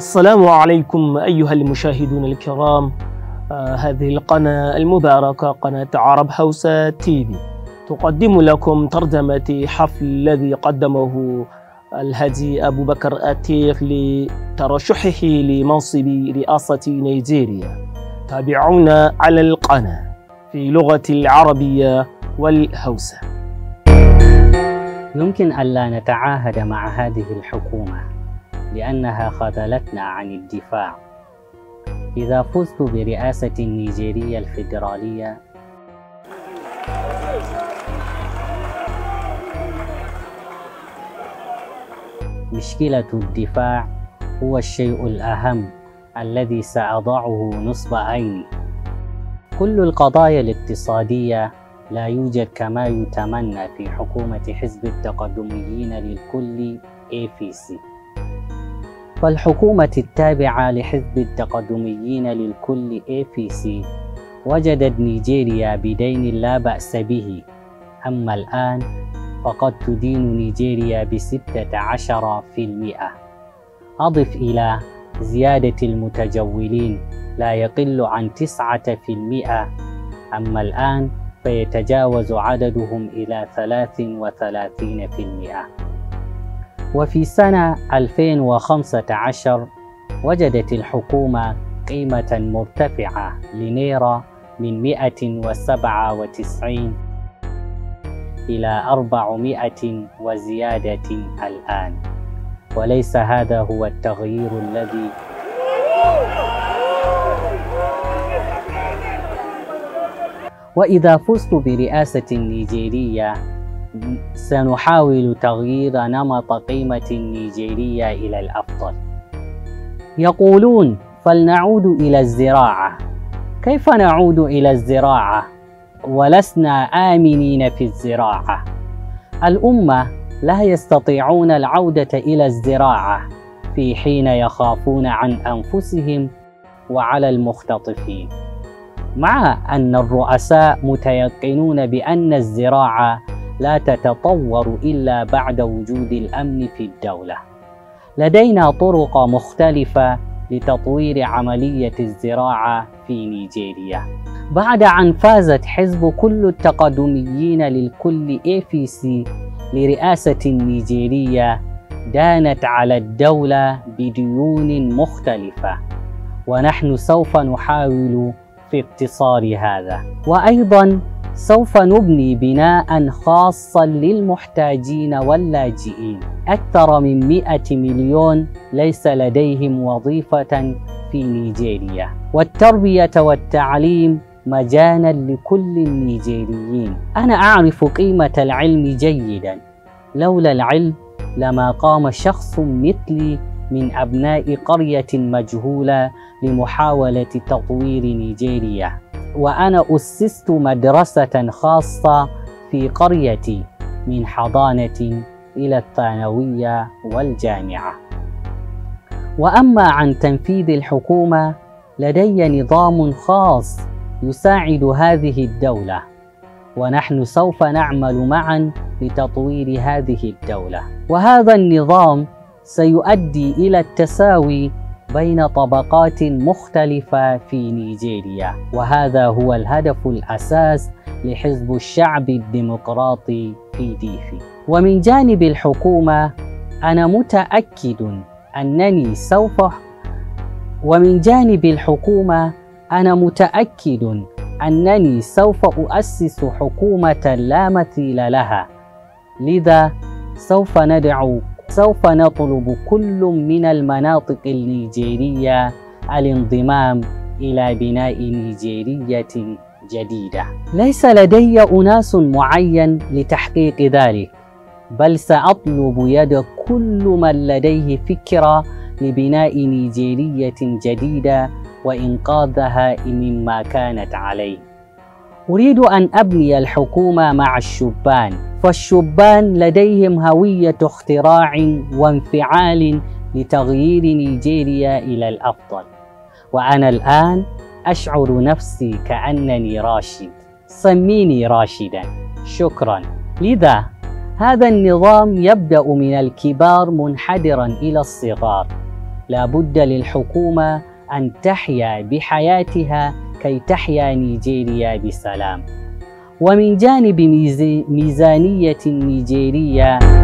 السلام عليكم أيها المشاهدون الكرام آه هذه القناة المباركة قناة عرب هوسة تي في تقدم لكم ترجمة حفل الذي قدمه الهادي أبو بكر أتيخ لترشحه لمنصب رئاسة نيجيريا تابعونا على القناة في لغة العربية والهوسة يمكن ألا نتعاهد مع هذه الحكومة لأنها خذلتنا عن الدفاع إذا فزت برئاسة النيجيرية الفيدرالية مشكلة الدفاع هو الشيء الأهم الذي سأضعه نصب عيني كل القضايا الاقتصادية لا يوجد كما يتمنى في حكومة حزب التقدميين للكل APC فالحكومة التابعة لحزب التقدميين للكل APC وجدت نيجيريا بدين لا بأس به أما الآن فقد تدين نيجيريا بستة عشر في المئة أضف إلى زيادة المتجولين لا يقل عن تسعة في المئة أما الآن فيتجاوز عددهم إلى 33% وفي سنة 2015 وجدت الحكومة قيمة مرتفعة لنيرة من 197 إلى 400 وزيادة الآن وليس هذا هو التغيير الذي وإذا فزت برئاسة نيجيرية سنحاول تغيير نمط قيمة النيجيرية إلى الأفضل يقولون فلنعود إلى الزراعة كيف نعود إلى الزراعة؟ ولسنا آمنين في الزراعة الأمة لا يستطيعون العودة إلى الزراعة في حين يخافون عن أنفسهم وعلى المختطفين مع أن الرؤساء متيقنون بأن الزراعة لا تتطور إلا بعد وجود الأمن في الدولة لدينا طرق مختلفة لتطوير عملية الزراعة في نيجيريا بعد أن فازت حزب كل التقدميين للكل APC لرئاسة نيجيرية دانت على الدولة بديون مختلفة ونحن سوف نحاول في اقتصار هذا وأيضا سوف نبني بناء خاصا للمحتاجين واللاجئين أكثر من 100 مليون ليس لديهم وظيفة في نيجيريا والتربية والتعليم مجانا لكل النيجيريين أنا أعرف قيمة العلم جيدا لولا العلم لما قام شخص مثلي من أبناء قرية مجهولة لمحاولة تطوير نيجيريا وأنا أسست مدرسة خاصة في قريتي من حضانة إلى الثانوية والجامعة وأما عن تنفيذ الحكومة لدي نظام خاص يساعد هذه الدولة ونحن سوف نعمل معا لتطوير هذه الدولة وهذا النظام سيؤدي إلى التساوي بين طبقات مختلفة في نيجيريا وهذا هو الهدف الأساس لحزب الشعب الديمقراطي في ديفي ومن جانب الحكومة أنا متأكد أنني سوف ومن جانب الحكومة أنا متأكد أنني سوف أؤسس حكومة لا مثيل لها لذا سوف ندعو سوف نطلب كل من المناطق النيجيرية الانضمام إلى بناء نيجيرية جديدة ليس لدي أناس معين لتحقيق ذلك بل سأطلب يد كل من لديه فكرة لبناء نيجيرية جديدة وإنقاذها مما كانت عليه أريد أن أبني الحكومة مع الشبان فالشبان لديهم هوية اختراع وانفعال لتغيير نيجيريا إلى الأفضل وأنا الآن أشعر نفسي كأنني راشد سميني راشدا شكرا لذا هذا النظام يبدأ من الكبار منحدرا إلى الصغار لا بد للحكومة أن تحيا بحياتها كي تحيا نيجيريا بسلام ومن جانب ميزانية نيجيريا